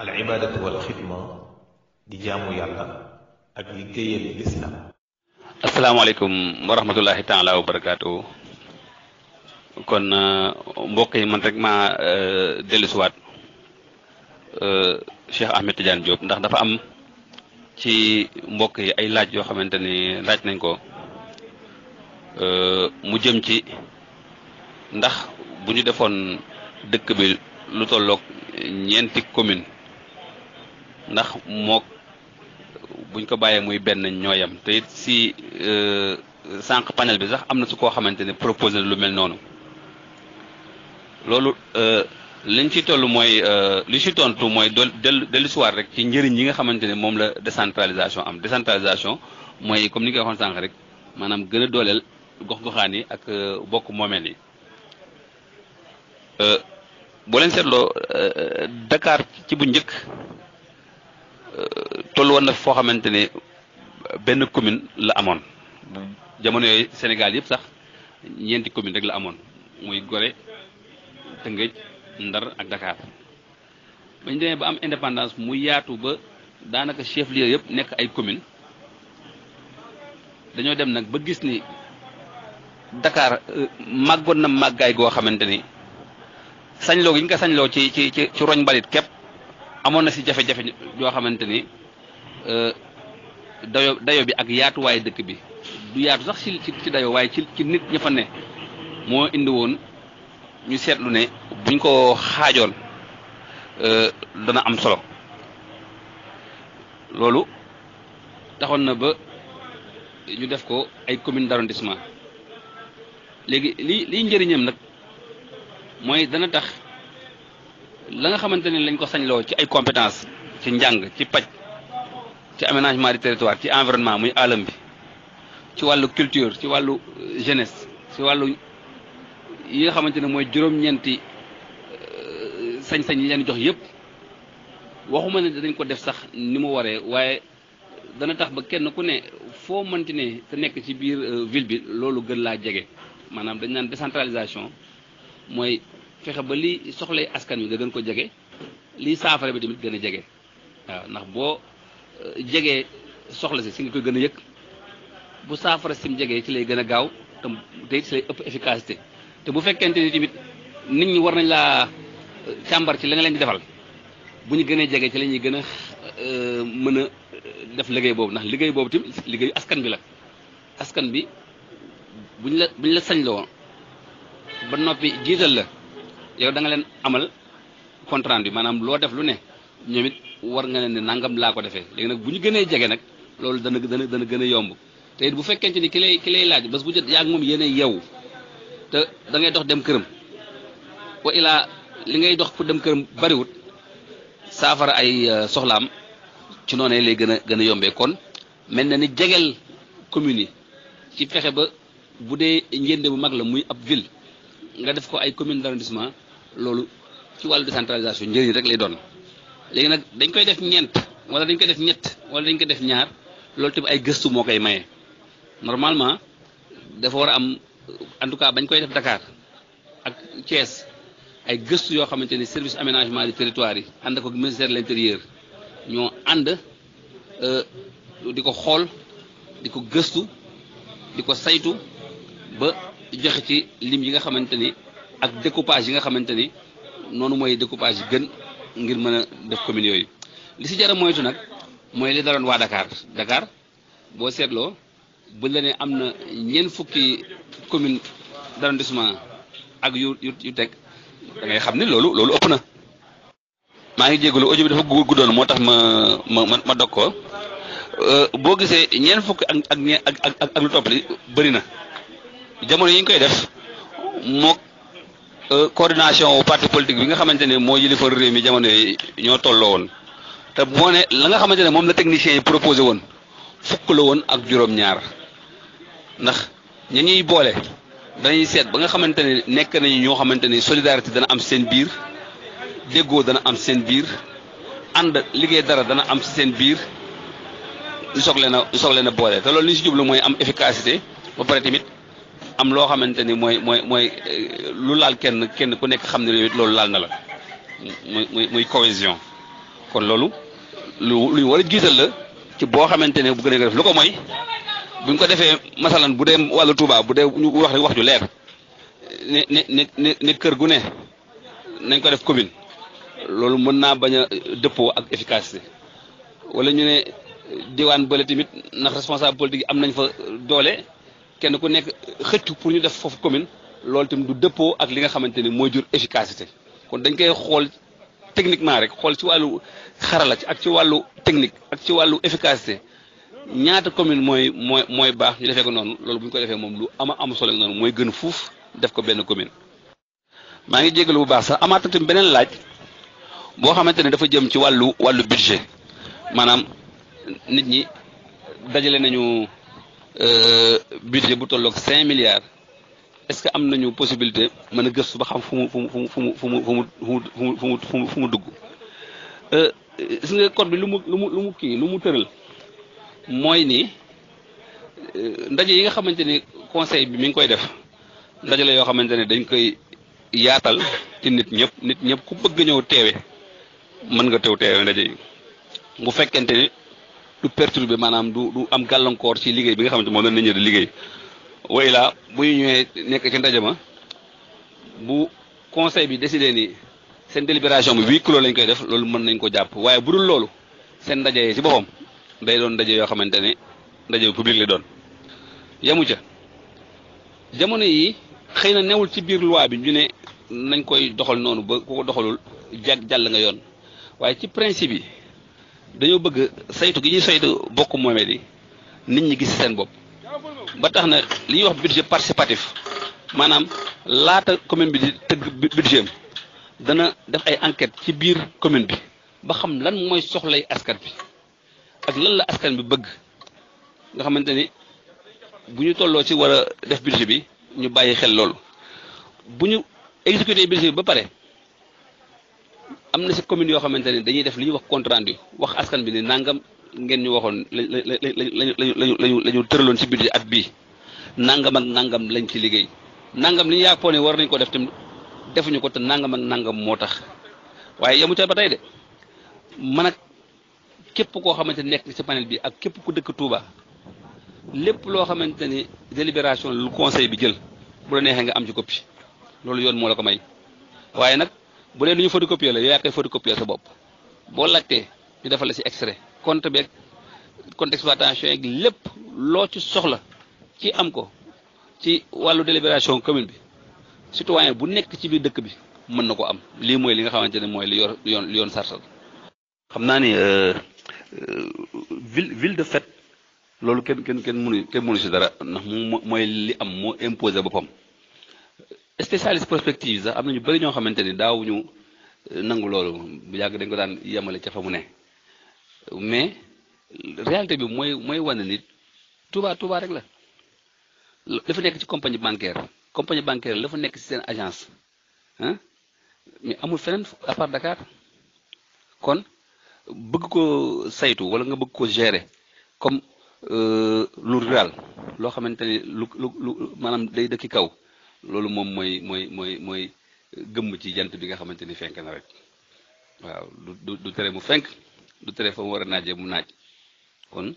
al ibaadatu wal xidma di jaamu yàlla ak liggéeyal lislaam asalaamaaleykum wa rahmatullahi taala barakaatu kon uh, mbokk yi man rek maa uh, dellusiwaat uh, Cheikh Ahmed Tidiane Diop ndax dafa am ci mbokk yi ay laaj yoo xamante ni laaj nañ ko mu jëm ci ndax bu ñu defoon dëkk bi lu tollook ñeenti commune ndax mook buñ ko bàyyee muy benn ñooyam te it si euh, sànq panel bi sax am na su koo xamante ne proposé lu mel noonu loolu euh, liñ ci toll mooy euh, li ci tontu mooy del dellu soir rek ci njëriñ yi nga xamante ne moom la décentralisation am décentralisation mooy comme ni nga ko waxoon sànq rek maanaam gën dooleel gox-goxaan yi ak bokk moomeel yi boo leen seetloo Dakar ci bu njëkk toll woon na foo xamante ne benn commune la amoon jamono yooyu Sénégal yëpp sax ñeenti commune rek la amoon muy Gorée Tëngéej Ndar ak Dakar bañ demee ba am indépendance mu yaatu ba daanaka chef lieu yëpp nekk ay commune dañoo dem nag ba gis ni dakaar euh, màggoon na màggaay goo xamante ni sañloo gi ñu ko sañloo ci ci ci roñ mbalit képp amoon na si jafe-jafe yoo xamante ni Euh, dayo dayo bi ak yaatuwaay dëkk bi du yaatu sax ci ci dayo waaye ci ci nit ña fa ne moo indi woon ñu seetlu ne buñ ko xaajoon euh, dana am solo loolu taxoon na ba ñu def ko ay commune d'arrondissement léegi li liy njëriñam nag mooy dana tax la nga xamante ne lañ ko sañloo ci ay compétence ci njàng ci paj ci aménagement du territoire ci environnement muy alam bi ci wàllu culture ci wàllu euh, jeunesse ci wàllu yi nga xamante ne mooy juróom-ñeenti euh, sañ-sañ yi leen jox yépp waxuma ne danañ ko def sax ni mu waree waaye dana tax ba kenn ku ne foo mënti ne nekk ci biir euh, ville bi loolu gën laa jege maanaam dañ naan décentralisation mooy fexe ba li soxlay askan wi nga gën ko jege lii saafara bi tamit gën a jege waaw ndax boo jege soxla si su nga koy gën a yëg bu saafara sim jegee ci lay gën a gaaw te te ci lay ëpp efficacité te bu fekkente ni tamit nit ñi war nañ laa euh, càmbar ci la nga leen di defal bu ñu gënee jege ci lañuy gën a euh, mën a euh, def liggéey boobu ndax liggéey boobu tamit liggéeyu askan bi la askan bi buñ la buñ la sañ loo ba noppi jiital la yow da nga leen amal compte rendu maanaam loo def lu ne ñoom it war nga ne ne nangam laa ko defee léegi nag bu ñu gënee jege nag loolu dana dana dana gën a yomb te bu fekkente ni ki lay laaj lay laaj bu jël yaa ngi moom yéene yeewu te da ngay dox dem këram wa ilaa li ngay dox pour dem këram bariwut saafara ay euh, soxlaam ci noonee lay gën a gën a yombee kon mel na ni jegeel communes yi ci fexe ba bu dee njënde bu mag la muy ab ville nga def ko ay commune d'arrondissement loolu ci wàllu décentralisation njëriñ rek lay doon léegi nag dañ koy def ñeent wala dañ koy def ñett wala dañ koy def ñaar loolu tamit ay gëstu moo koy maye normalement dafa war a am en tout cas bañ koy def dakaar ak Thiès ay gëstu yoo xamante ni service aménagement du territoire yi ànd ko ministère de l'intérieur ñoo ànd euh, di ko xool di ko gëstu di ko saytu ba joxe ci lim yi nga xamante ni ak découpage yi nga xamante ni noonu mooy découpage yi gën ngir mën a def commune yooyu li si jar a moytu nag mooy li daloon waa dakaar Dakar boo seetloo buñ la ne am na ñeent fukki commune d'arrondissement ak yu yu teg da ngay xam ne loolu loolu ëpp na. maa ngi jégalu audio bi dafa guddoon moo tax ma ma ma dog ko euh, boo gisee ñeent fukki ak ak ak ak lu topp li bëri na jamono yi ñu koy def mook Euh, coordination wu parti politique bi nga xamante ne moo yilifa réew mi jamono yi ñoo tolloo woon te moo ne la nga xamante ne moom la technicien yi proposé woon fukk la woon ak juróom-ñaar ndax ña ñuy boole dañuy seet ba nga xamante ne nekk nañu ñoo xamante ne solidarité dana am seen biir déggoo dana am seen biir ànd liggéey dara dana am ci seen biir ñu soog leen a ñu soog leen a boole te loolu ñu si jublu mooy am efficacité ba pare tamit. am loo xamante ni mooy mooy mooy euh, lu laal kenn kenn ku nekk xam ne loolu laal na la muy muy muy kon loolu lu lu war a la ci boo xamante ne bu gën a def lu ko moy buñ ko defee masalan bu dee wàllu Tuuba bu dee ñu wax rek wax ju leer ne ne ne kër gu ne nañ ko def commune loolu mën naa bañ a dëppoo ak efficacité wala ñu ne diwaan bële tamit ndax responsable politique yi am nañ fa doole. kenn ku nekk xëccu pour ñu def foofu commune loolu tamit du dëppoo ak li nga xamante ni mooy jur efficacité kon dañ koy xool techniquement rek xool ci wàllu xarala ak ci wàllu technique ak ci wàllu efficacité ñaata commune mooy mooy mooy baax ñu defee ko noonu loolu bu ñu ko defee moom lu ama am solo noonu mooy gën fuuf def ko benn commune. maa ngi jégalu bu baax sax amaat tamit beneen laaj boo xamante ne dafa jëm ci wàllu wàllu budget maanaam nit ñi dajale nañu. budget bu tolloog cinq milliards est-ce que am nañu possibilité mën a gëstu ba xam fu mu fu mu fu mu fu mu fu mu fu mu fu mu fu mu dugg gis lu mu lu lu mu kii lu mu tëral mooy ni ndaje yi nga xamante ni conseil bi mi ngi koy def ndaje la yoo xamante ne dañ koy yaatal ci nit ñëpp nit ñëpp ku bëgg ñëw teewe mën nga teew teewe ndaje yi bu fekkente ni du perturber maanaam du du am gàllankoor ci liggéey bi nga xamante moom la nit ñi di liggéey way la bu ñu ñëwee nekk ci ndaje ma bu conseil bi décidé ni seen délibération bi huis clos lañ koy def loolu mën nañ ko jàpp waaye bu dul loolu seen ndaje yi ci boppam day doon ndaje yoo xamante ne ndaje public la doon yamu ca jamono yi xëy na newul ci biir loi bi ñu ne nañ koy doxal noonu ba ku ko doxalul jag jàll nga yoon waaye ci principe yi dañoo bëgg saytu gi ñuy saytu bokk moomeel yi nit ñi gis seen bopp ba tax na li ñuy wax budget participatif maanaam laata commune bi di tëgg budget dana def ay enquête ci biir commune bi ba xam lan mooy soxlay askat bi ak lan la askan bi bëgg nga xamante ni bu ñu tolloo ci war a def budget bi ñu bàyyi xel loolu bu ñu exécuté budget bi ba pare am na si commune yoo xamante ne dañuy def li ñu wax compte rendu wax askan bi ne nangam ngeen ñu waxoon la la la lañu la ñu tëraloon si budget at bii nangam ak nangam lañ ci liggéey nangam li ñu yaakoo war nañ ko def tamit defuñu ko te nangam ak nangam moo tax waaye yamu ba tey de man ak képp koo xamante ne nekk si panel bi ak képp ku dëkk Touba lépp loo xamante ni délibération lu conseil bi jël bu la neexee nga am ci copie loolu yoon moo la ko may waaye nag. bu dee lu ñu photocopier la yow yaa koy photocopier sa bopp boo laajtee ñu defal la si extrait compte beeg compte exploitation yeeg lépp loo ci soxla ci am ko ci wàllu délibération commune bi citoyen bu nekk ci biir dëkk bi mën na ko am lii mooy li nga xamante ne mooy li yor yoon li yoon sartal xam naa ni euh, euh, ville ville de fait loolu kenn kenn kenn mënu kenn si dara ndax mu mooy li am moo imposé boppam spécialiste prospective sax am na ñu bëri ñoo xamante ni daawuñu euh, nangu loolu bu yàgg dañ ko daan yemale ca fa mu ne mais réalité bi mooy mooy wane nit Touba Touba rek la la fa nekk ci compagnie bancaire compagnie bancaire la fa nekk ci seen agence ah mais amul feneen à part Dakar kon bëgg ko saytu wala nga bëgg ko gérer comme euh, lu rural loo xamante ni lu lu lu maanaam day dëkki kaw loolu moom mooy mooy mooy mooy gëmm ci jant bi nga xamante ni fenk na rek waaw du du tere mu fenk du tere fa mu war a naajee mu naaj kon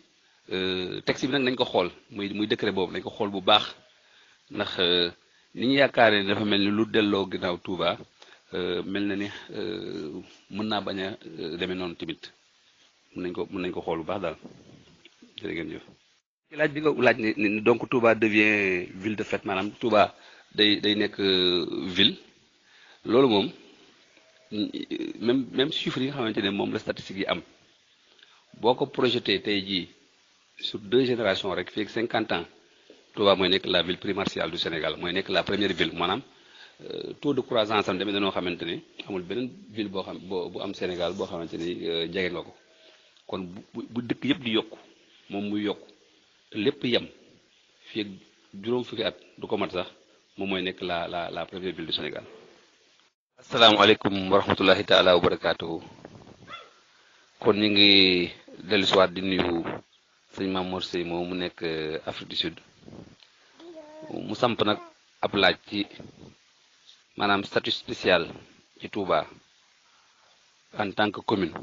euh, texte bi nag nañ ko xool muy muy décret boobu nañ ko xool bu baax ndax euh, ni yaakaar yaakaaree dafa mel ni lu delloo ginnaaw Touba euh, mel na ni mën naa bañ a demee noonu mën nañ ko mën nañ ko xool bu baax daal jërë ngeen jëf. laaj bi nga laaj ni donc Touba devient ville de fête maanaam Touba. day day nekk euh, ville loolu moom même même chiffre yi nga xamante ne moom la statistique yi am boo ko projeté tey jii sur deux générations rek fi ak cinquante ans Touba mooy nekk la ville primatiale du Sénégal mooy nekk la première ville maanaam euh, taux de croissance am na dañoo xamante ne amul beneen ville boo xam boo bu am Sénégal boo xamante ni euh, jege nga ko kon bu bu dëkk yëpp di yokk moom muy yokku lépp yem fi ak juróom fukki at du ko mat sax. moom mooy nekk la la la première ville du Sénégal. asalaamaaleykum wa rahmatullahi taala wa kon ñu ngi dellusiwaat di nuyu sëñ Mame Mor Seye moom mu nekk euh, Afrique du Sud mu samp nag ab laaj ci maanaam statut spécial ci Touba en tant que commune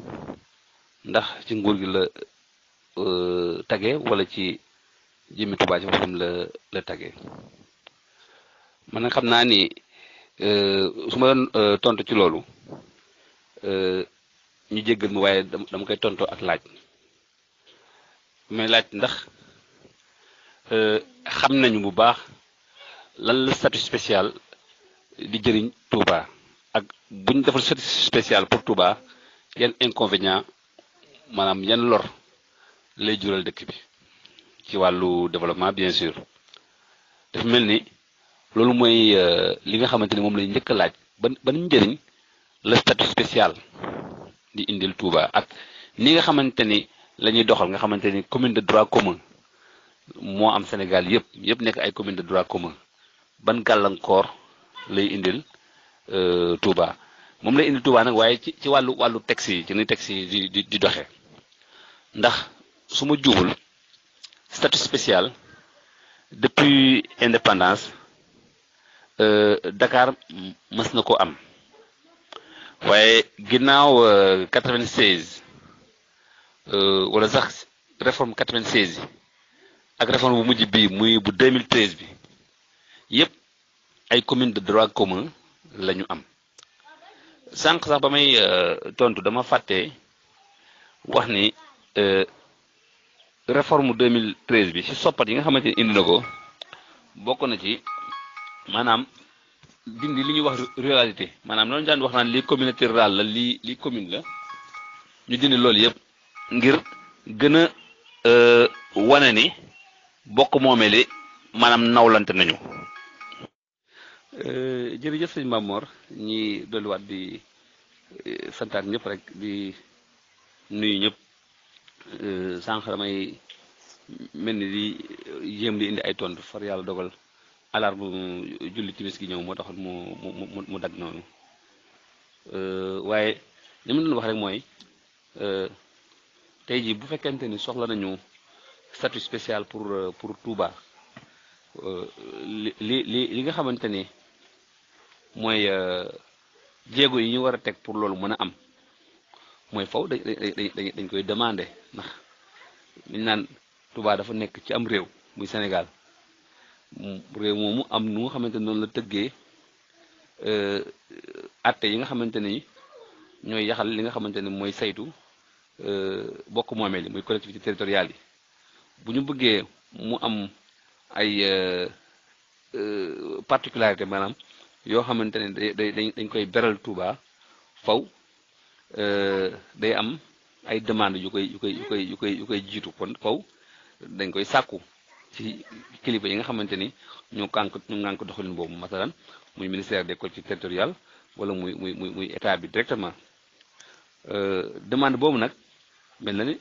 ndax ci nguur gi la euh, tage wala ci jëmmi Touba ci boppam la la tage. man xam naa ni euh, su ma doon euh, tontu ci loolu euh, ñu jéggal ma waaye dama koy tontu ak laaj mais laaj ndax xam nañu bu baax lan la statut spécial di jëriñ Touba ak buñ ñu defal statut spécial pour Touba yan inconvénient maanaam yan lor lay jural dëkk bi ci wàllu développement bien sûr dafa mel ni. loolu mooy euh, li nga xamante ni moom lañ njëkk a laaj ban ban njëriñ la statut spécial di indil Touba ak ni nga xamante ni la doxal nga xamante ni commune de droit commun moo am Sénégal yëpp yëpp nekk ay commune de droit commun ban gàllankoor lay indil euh, Touba moom lay indil Touba nag waaye ci ci wàllu wàllu texte yi ci ni texte yi di di di ndax su ma juumul statut spécial depuis indépendance Euh, dakaar mës na ko am waaye ginnaaw 96 euh, euh, wala sax réforme 96 yi ak réforme bu mujj bii muy bu 2013 bi yépp ay commune de droit commun lañu am sànq sax ba may tontu dama fàtte wax ni réforme 2013 bi ci soppat yi nga xamante ni indi na ko bokk na ci. maanaam dindi li ñuy wax ruralité maanaam loolu daan wax naan lii communauté rurale la lii lii commune la ñu dindi loolu yëpp ngir gën a euh, wane ni bokk moomeli maanaam nawlante nañu. Euh, jërëjëf sëñ Mamor ñi dolliwaat di euh, santaat ñëpp rek di nuyu ñëpp sànq damay mel ni di jéem di indi ay tontu far yàlla dogal. alarbu julli timis gi ñëw moo taxoon mu mu mu dagg noonu euh, waaye li ma doon wax rek mooy euh, tey jii bu fekkente ni soxla nañu statut spécial pour euh, pour Touba li li li nga xamante ni mooy jéego yi ñu war a teg pour loolu mën a am mooy faw dañ dañ dañ koy demande ndax liñ naan Touba dafa nekk ci am réew muy Sénégal. réew moomu am nu nga xamante noonu la tëggee euh, atte yi nga xamante ni ñooy yaxal li nga xamante ni mooy saytu euh, bokk moomeel yi muy collectivité territoriale yi bu ñu bëggee mu am ay euh, particularité maanaam yoo xamante ne day day dañ koy beral Touba faw day am ay demande yu koy yu koy yu koy yu koy yu koy jiitu kon faw dañ koy sàkku ci kilifa yi nga xamante ni ñu kànk ñu ngànk doxalin boobu masalan muy ministère des collectivités territoriales wala muy muy muy muy état bi directement euh, demande boobu nag mel na ni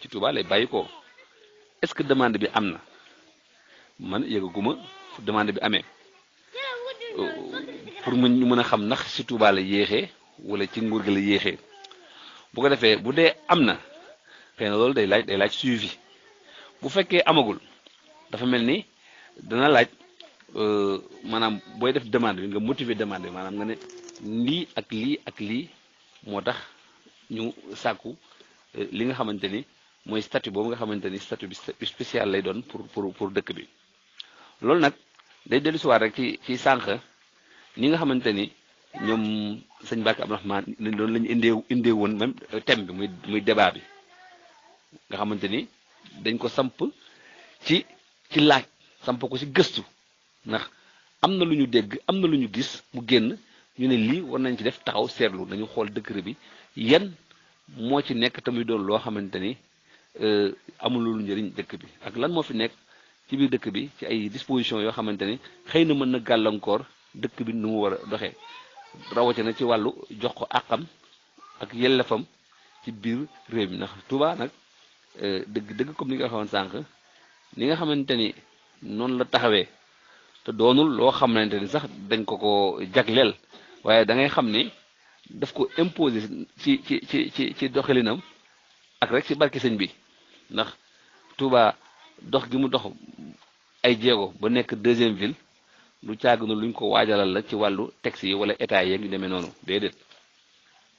ci Touba lay bàyyi ko est-ce que demande bi am na man yëgaguma fu demande bi amee euh, pour mu ñu mën a xam ndax ci Touba la yéexee wala ci nguur gi la yéexee bu ko defee bu dee am na xëy loolu day laaj day laaj suivi bu fekkee amagul. dafa mel ni dana laaj euh, maanaam booy def demande bi nga motiver demande bi maanaam nga ne lii ak lii ak lii moo tax ñu sàkku euh, li nga xamante ni mooy statut boobu nga xamante ni statut bi spécial lay doon pour pour pour dëkk bi loolu nag day dellusiwaat rek ci ci sànq ñi nga xamante ni ñoom sëñ Mbàkke Abdu Rahmaan lañ doon lañu indee indee woon même thème bi muy muy débat bi nga xamante ni dañ ko samp ci ci laaj samp ko ci gëstu ndax am na lu ñu dégg am na lu ñu gis mu génn ñu ne lii war nañ ci def taxaw seetlu nañu xool décret bi yan moo ci nekk tamit doon loo xamante ni euh, amul lu njëriñ dëkk bi ak lan moo fi nekk ci biir dëkk bi ci ay dispositions yoo xamante ni xëy na mën na gàllankoor dëkk bi nu mu war a doxee rawatina ci wàllu jox ko àqam ak yellefam ci biir réew bi ndax Tuubaa nag euh, dëgg dëgg comme ni nga waxoon sànq ni nga xamante ni noonu la taxawee te doonul loo xamante ni sax dañ ko ko jagleel waaye da ngay xam ni daf ko imposer ci ci ci ci ci ak rek ci barke sëñ bi ndax Touba dox gi mu dox ay jéego ba nekk deuxième ville lu càgg na luñ ko waajalal la ci wàllu texte yi wala état yeeg ñu demee noonu déedéet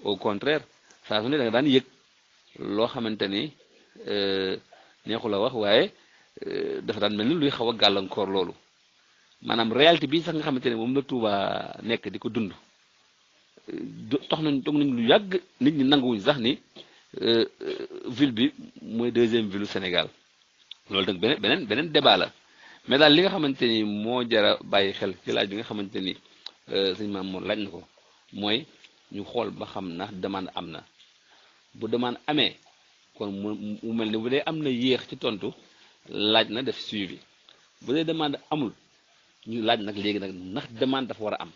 au contraire saa su ne da daan yëg loo xamante ni euh, neexu wax waaye. Euh, dafa daan mel ni luy xaw a gàllankoor loolu maanaam réalité bi sax nga xamante ne moom la Touba nekk di ko dund euh, tox nañ toog nañ lu yàgg nit ñi nanguwuñ sax ni euh, ville bi mooy deuxième ville Sénégal loolu nag beneen beneen beneen la mais daal li nga xamante ni moo jara bàyyi xel ci laaj bi nga xamante ni sëñ maam moom laaj na ko mooy ñu xool ba xam na demande am na bu demande amee kon mu mel ni bu dee am na yéex ci tontu. laaj na def suivi bu dee demande amul ñu laaj nag léegi nag ndax demande dafa war a am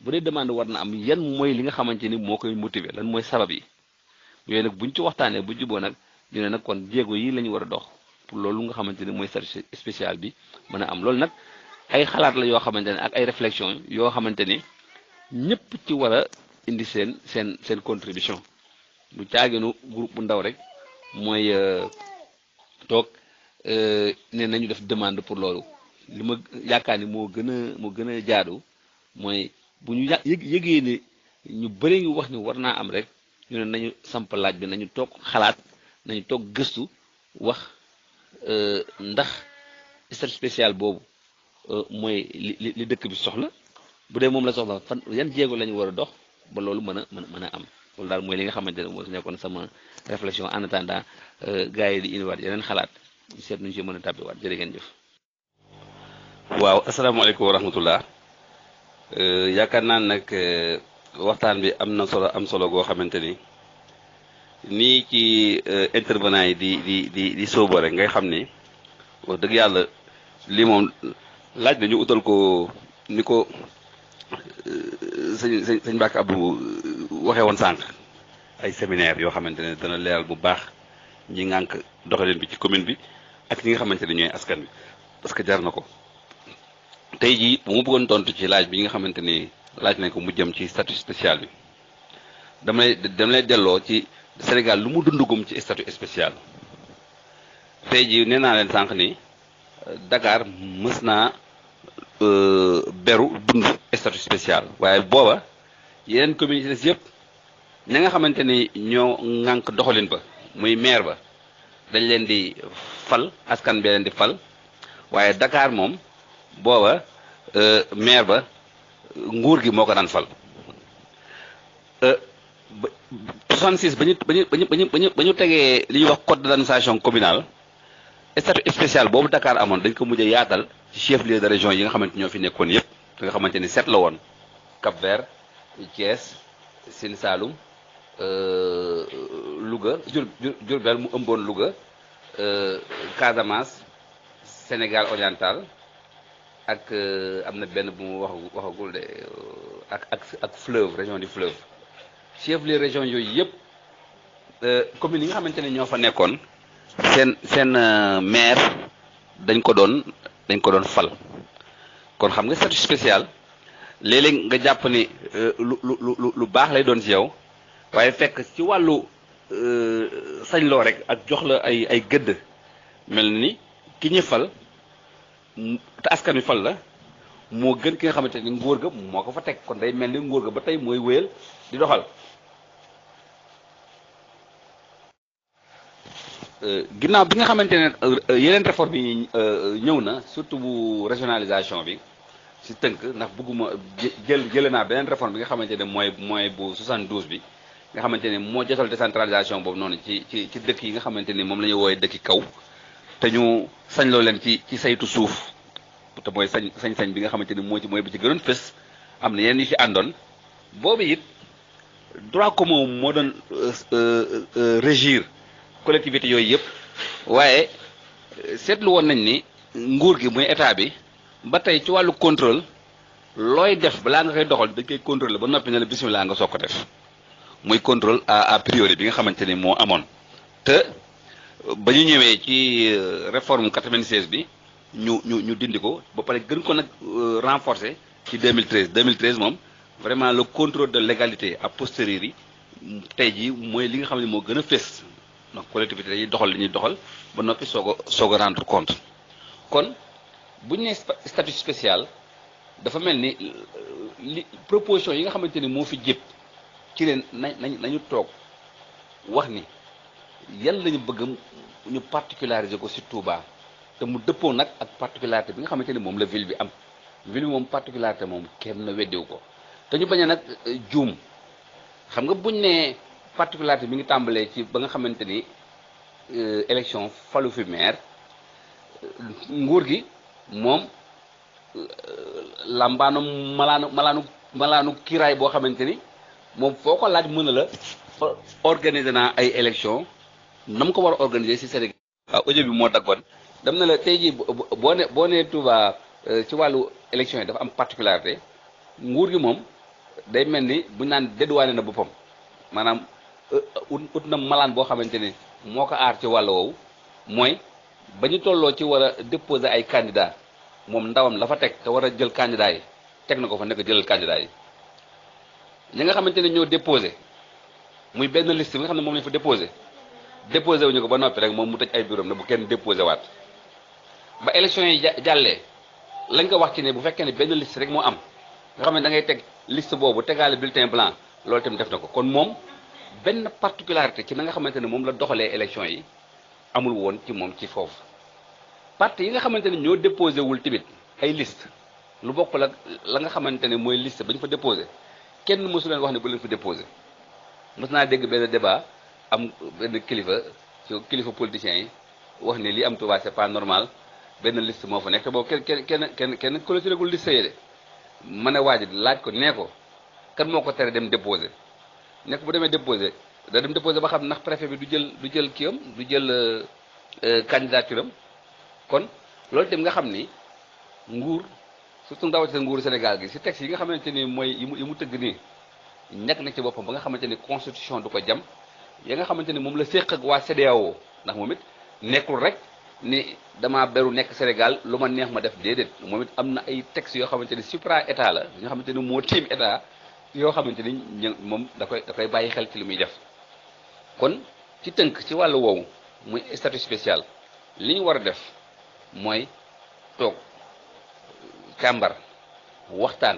bu dee demande war na am yan mooy li nga xamante ni moo koy motiver lan mooy sabab yi yooyu nag bu ñu ci waxtaanee bu juboo nag ñu ne nag kon jéego yi la ñu war a dox pour loolu nga xamante ni mooy service spécial bi mën a am loolu nag ay xalaat la yoo xamante ne ak ay réflexion yoo xamante ni ñëpp ci war a indi seen seen seen contribution lu caaginu groupe bu ndaw rek mooy euh, toog ne nañu def demande pour loolu li ma yaakaar ni moo gën a moo gën a jaadu mooy bu ñu yëg yëgee ne ñu bëri ngi wax ni war naa am rek ñu ne nañu samp laaj bi nañu toog xalaat nañu toog gëstu wax euh, ndax statut spécial boobu euh, mooy li li dëkk bi soxla bu dee moom la soxla fan yan jéego lañu war a dox ba loolu mën a mën a am loolu daal mooy li nga xamante ne moo nekkoon sama réflexion en attendant euh, gars yi di indiwaat yeneen xalaat ñu seet nuñu ci mën a tàbbiwaat jërë waaw asalaamaaleykum wa rahmatullah euh, yaakaar naa nag euh, waxtaan bi am na solo am solo goo xamante ni nii ci euh, intervenant yi di di di di sóoboo rek ngay xam ni wax dëgg yàlla lii moom laaj na utal ko ni ko sëñ sëñ sëñ Mbàkke waxee woon sànq ay séminaire yoo xamante ne dana leeral bu baax ñi ngànk doxalin bi ci commune bi ak ñi nga xamante ne ñooy askan wi parce que jar na ko tey jii bu ma bëggoon tontu ci laaj bi nga xamante ni laaj nañ ko mu jëm ci statut spécial bi damay lay lay delloo ci Sénégal lu mu dundugum ci statut spécial tey jii nee naa leen sànq ni dakaar mës naa euh, beru dund statut spécial waaye booba yeneen communautés yëpp ña nga xamante ni ñoo ŋànk doxalin ba muy maire ba dañ leen di fal askan bi leen di fal waaye dakaar moom booba euh, maire ba nguur gi moo ko daan fal. 66 euh, ba ñu ba ñu ba ñu ba ñu ba tegee li ñuy wax code d'administration communal statut spécial boobu Dakar amoon dañ ko mujjee yaatal ci chef lieu de région yi nga xamante ñoo fi nekkoon yépp nga xamante ni sept la woon Cap Vert Thiès Sine Saloum euh, Louga jur Jurbel mu ëmboon Louga euh, Casamance Sénégal oriental ak euh, am na benn bu mu wax waxagul de euh, ak ak ak fleuve région du fleuve chef les régions yooyu yëpp communes yi nga xamante ne ñoo fa nekkoon seen seen maire dañ ko doon dañ ko doon fal kon xam nga statut spécial léeg-léeg nga jàpp ni lu lu lu lu baax lay doon ci yow waaye fekk ci wàllu Euh, sañ loo rek ak jox la ay ay gëdd mel ni ki ñu te askan wi fal la moo gën ki nga xamante ni nguur ga moo ko fa teg kon day mel ni nguur ga ba tey mooy wéyal di doxal euh, ginnaaw bi nga xamante ne euh, yeneen réforme yi ñëw na surtout bu régionalisation bi si tënk ndax bëgguma jël jële naa beneen réforme bi nga xamante ne mooy mooy bu 72 bi nga xamante ne moo jotal décentralisation boobu noonu ci ci ci dëkk yi nga xamante ni moom la ñu wooyee dëkki kaw te ñu sañ loo leen ci ci saytu suuf te mooy sañ sañ-sañ bi nga xamante ni moo ci mooy bi ci gënoon fës am na yenn yu ci àndoon boobu it droit comme moo doon euh, euh, euh, régir collectivité yooyu yëpp waaye seetlu woon nañ ni nguur gi muy état bi ba tey ci wàllu contrôle looy def balaa nga koy doxal dañ koy contrôler ba noppi ne la bismillah nga soog ko def mooy contrôle à à priori bi nga xamante ni moo amoon te ba ñu ñëwee ci euh, réforme 96 bi ñu ñu ñu dindi ko ba pare gën ko nag euh, renforcer ci 2013 2013 moom vraiment le contrôle de légalité a posteriori tey jii mooy li nga xam ne moo gën a fés donc collectivité dañuy doxal li ñuy doxal ba noppi soog a soog a rendre compte kon bu ñu nee spécial dafa mel ni euh, li proposition yi nga xamante ni moo fi jëpp ci leen nañ nañu toog wax ni yan lañu bëgg ñu particulariser ko ci Touba te mu dëppoo nag ak particularité bi nga xamante ni moom la ville bi am ville bi moom particularité moom kenn weddiwu ko te ñu bañ a nag euh, juum xam nga buñ ne particularité bi ngi tàmbalee ci ba nga xamante ni euh, élection falu fi maire euh, nguur gi moom làmbaanu malaanu malaanu malaanu kiiraay boo xamante ni moom foo ko laaj mën a la organiser naa ay élection na ko war a organiser ci Sénégal. waaw ah, audio bi moo daggoon dem na la tey jii boo ne boo nee Touba euh, ci wàllu élection yi dafa am particularité nguur gi moom day mel ni bu naan dédouané na boppam maanaam euh, euh, ut na malaan boo xamante ni moo ko aar ci wàllu wow mooy ba ñu tolloo ci war a déposer ay candidats moom ndawam la fa teg te war a jël candidats yi teg na ko fa nekk jëlal kandidaa yi. ñi nga xamante ne ñoo déposé muy benn liste bi nga xam ne moom lañu fa déposé déposé wuñu ko ba noppi rek moom mu tëj ay bureau ne bu kenn déposé waat ba élection yi jàllee lañ ko wax ci ne bu fekkee ne benn liste rek moo am nga xam ne da ngay teg liste boobu tegaale bulletin blanc loolu tamit def na ko kon moom benn particularité ci na nga xamante ne moom la doxalee élection yi amul woon ci moom ci foofu parti yi nga xamante ne ñoo déposé wul tamit ay liste lu bokk ak la nga xamante ne mooy liste ba ñu fa déposé kenn mosu leen wax ne bu leen fi déposé mos naa dégg benn débat am benn kilifa su kilifa politiciens yi wax ne li am Touba c'est pas normal benn list moo fa nekk te boobu kenn kenn kenn kenn clôturé gul liste yi de ma ne waa ji laaj ko nee ko kenn moo ko tere dem déposé nekk bu demee déposé da dem déposé ba xam ndax préfet bi du jël du jël kii du jël euh, euh, candidature am kon loolu itam nga xam ni nguur surtout ndawatina nguuru Sénégal gi si texte yi nga xamante ni mooy yi mu tëgg nii nekk na ci boppam ba nga xamante ni constitution du ko jam ya nga xamante ni moom la séq ak waa CEDEAO ndax moom it nekkul rek ni dama beru nekk Sénégal lu ma neex ma def déedéet moom it am na ay textes yoo xamante ni supra état la yoo xamante ni moo tiim état yoo xamante ni moom da koy da bàyyi xel ci li muy def kon ci tënk ci wàll woowu muy statut spécial li ñu war a def mooy toog. kàmbar waxtaan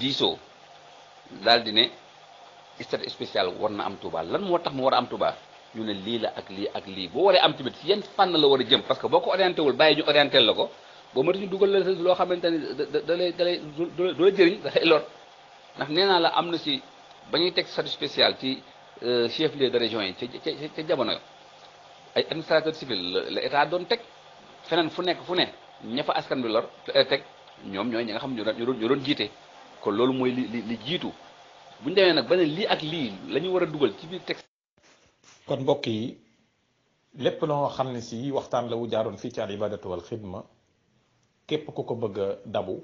diisoo daal di ne statut spécial war na am Touba lan moo tax mu war a am tubaa ñu ne lii la ak lii ak lii boo waree am tamit si yan la war a jëm parce que boo ko orienté wul ñu orienté la ko boo mënut ñu dugal la loo xamante ni da da lay da lay du la jëriñ da lay ndax nee naa la am na si ba ñuy teg statut spécial ci euh, chef lieu de région yi ca ca ca jamono ay administrateur civil la état doon teg feneen fu nekk fu ne ña askan bi lor teg. ñoom ñooy ñi nga xam ñu doon ñu doon jiite kon loolu mooy li li jiitu bu ñu demee nag ba ne lii ak lii lañu ñu war a dugal ci biir texte. kon mbokk yi lépp loo xam ne si waxtaan la wu jaaroon fii ci al ibadatu wal xidma képp ku ko bëgg a dabu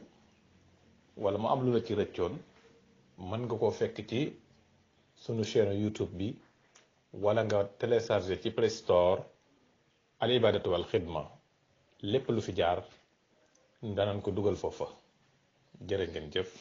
wala mu am lu la ci rëccoon mën nga koo fekk ci sunu chaîne YouTube bi wala nga télécharger ci Play Store al ibadatu wal xidma lépp lu fi jaar. nga naan ko dugal foofa jërë ngeen jëf